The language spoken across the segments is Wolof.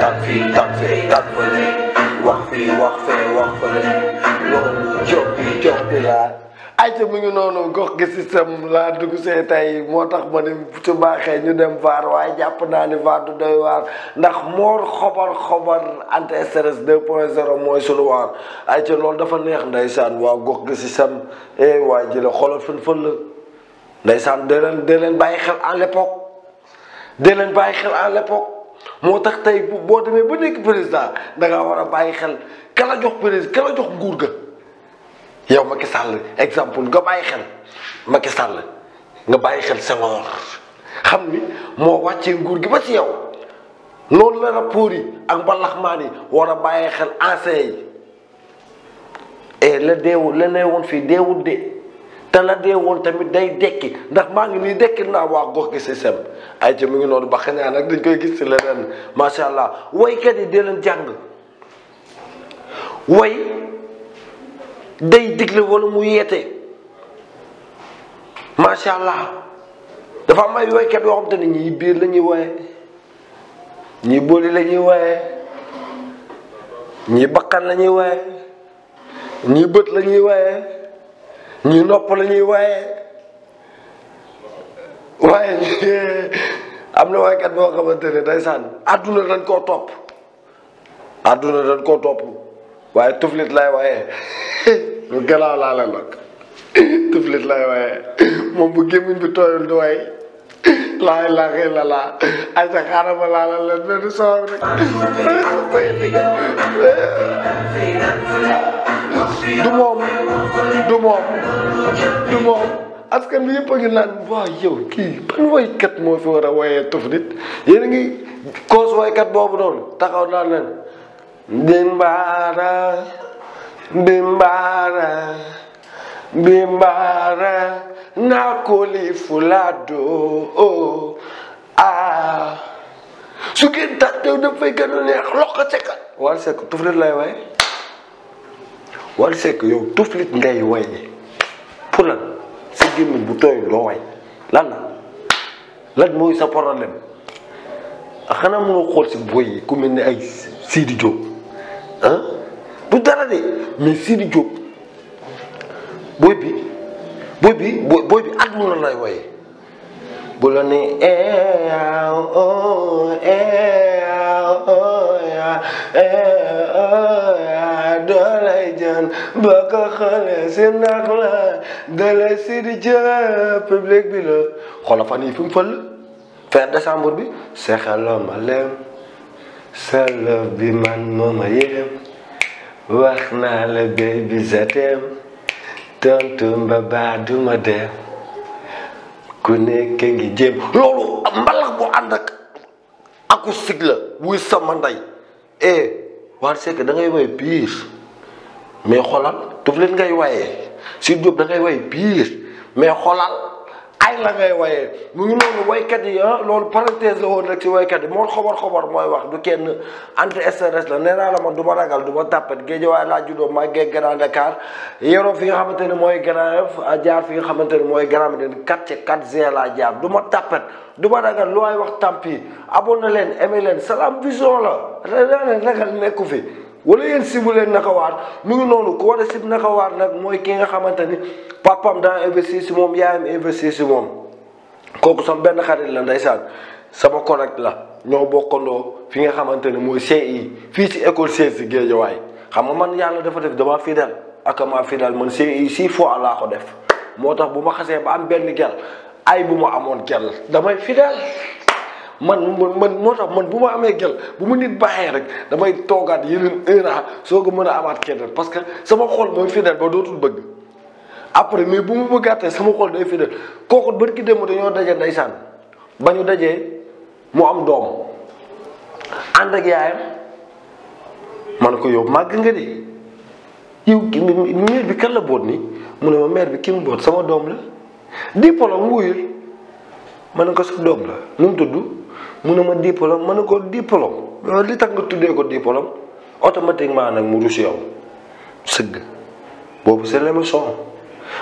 tag fii tag fee tag fële wax fii wax fee wax fële loolu job bi job bi laa ayca mu ngi noonu gox gi sam laa dugg see tey moo tax ma ne su baaxee ñu dem vaar waaye jàpp naa ni vaar du doy waar ndax moor xobar xobar anti stress 2.0 mooy sunu waar ayca loolu dafa neex ndeysaan waa gox gi système eh waa ji la xoolal fën fën la ndeysaan dee bàyyi xel à l'époque dee leen xel à l'époque moo tax tey boo demee ba nekk président da ngaa war a bàyyi xel kala jox président kala jox nguur ga yow Macky sàll exemple nga bàyyi xel Macky sàll nga bàyyi xel Senghor xam ni moo wàccee guur gi ba ci yow loolu la rapport yi ak mbalaxmaan yi war a bàyyi xel ancien yi la deewul la ne woon fii deewul de. te la dee woon tamit day dekki ndax maa ngi nii dekki naa waa gox gi système ay ca ngi noonu ba xanaa nag dañ koy gis ci leneen macha allah waykat yi dee leen jàng way day digle wala mu yeete macha allah dafa am ay waykat yoo xam te ne ñii biir lañuy ñuy woye ñii booli la ñuy woye ñii bakkan lañuy ñuy ñii bët la ñuy woye ñu nopp lañuy ñuy waaye waaye am na waaykat boo xamante ne day sànn àdduna dañ koo topp àdduna dañ koo topp waaye tuflit lay waaye lu galaaw laa la nag tuflit lay waaye moom bu gémmiñ bi tooyul du waay laay laa xëy la laa ay sa xaaral ma laa la leen benn soor rek du moom du moom du moom askan bi yëpp a ngi naan waaw yow kii ban woykat moo fi war a woyee tuf nit yéen a ngi koos woykat boobu noonu taxaw naa leen dimbaara dimbaara dimbaara naa ko lii fulaadoo ah su ngeen tax teew dafay gën a neex loxo sekk wala sekk tuf nit lay waaye Wally Seck yow tuflit ngay way pour lan sa gémmiñ bu tooy doo way lan la lan mooy sa problème ah xanaa mënoo xool si boy yi ku mel ne ay Sidi Diop ah bu dara de mais Sidi Diop booy bi booy bi booy bi at mun na lay woyee bu la ne eh, oh, eh, oh, eh, naan ba ko la dala di jë public bi la xoola fan yi fi mu fël fin décembre bi sexelo ma leem bi man mooma yéem wax naa la béy bi zateem tontu mba baa duma dem ku nekk ngi jéem loolu mbalax bu ànd ak akustik la wuy sama ndey eh waa c'est que da ngay woy pire mais xoolal daf leen ngay wayee Sidy Diop da ngay way biir mais xoolal ay la ngay wayee mu ngi noonu waykat yi ah, loolu parenthèse la woon rek si waykat yi moo xobar xobar mooy wax du kenn anti stress la nee naa duma man du ma ragal du ma tàppet géejawaay laa juddoo màggee Grand Dakar yoroo fi nga xamante ne mooy Grand Yoff ah, fi nga xamante ne mooy Grand Médine 4 ci 4G laa jaar du ma tàppet du ma ragal lu waay wax tampi abonné leen aimé leen Salam Vision la ren ragal nekku fi. wala yéen sibu leen nakawaar mu ngi noonu ku war a sib nakawaar nag mooy ki nga xamante ni papam daa investir si moom yaayam investir si moom kooku sama benn xarit la ndeysaan sama correct la ñoo bokkandoo fi nga xamante ni mooy CI fii ci école CES si Géejawaay xam nga man yàlla dafa def dama fidèle ak ma fidèle man CI six fois laa ko def moo tax bu ma xasee ba am benn gel ay bu ma amoon gel damay fidèle man man man moo tax man bu ma amee gel bu ma nit baaxee rek damay toogaat yeneen heure soo ko mën a amaat keneen parce que sama xol mooy fidèle ba dootul bëgg après mais bu ma bëggaatee sama xol day fidèle kooku bari ki démb dañoo daje ndeysaan ba ñu dajee mu am doom ànd ak yaayam man ko yow màgg nga de yow bi kan boot nii mu ne ma bi ki mu boot sama doom la diplôme wuyul ma ne ko sa doom la nu mu tudd. mu ne ma diplôme ma ne ko diplôme li tax nga tuddee ko diplôme automatiquement nag mu rus yow sëgg boobu c'est l'émotion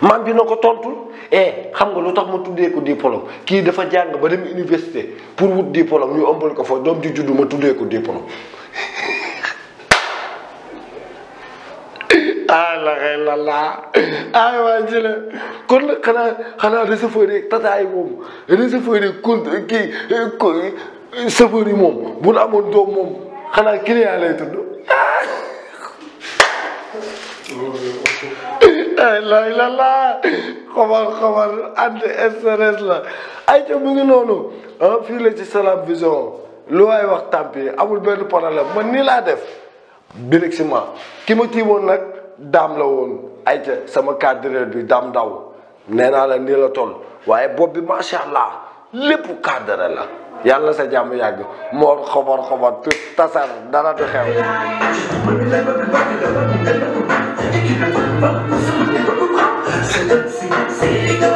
maam bi na ko tontu eh xam nga lu tax ma tuddee ko diplôme kii dafa jàng ba dem université pour wut diplôme ñu ëmbal ko fa doom ji juddu ma tuddee ko diplôme ah la xëy ay waa kon nag xanaa xanaa de chauffeur moom de chauffeur yi kon moom bu amoon doom moom xanaa client lay tudd ay la la laa xamal xamal anti stress la ay ca mu noonu ah fii ci Salam Vision lu waay wax tàmpi amul benn problème man nii laa def directement ki ma tiimoon nag dam la woon ayca sama cadreur bi daam daw nee naa la nii la toll waaye bopp bi macha allah lépp cadre la yàlla sa jàmm yàgg moor xobar xobar tu tasar dara du xew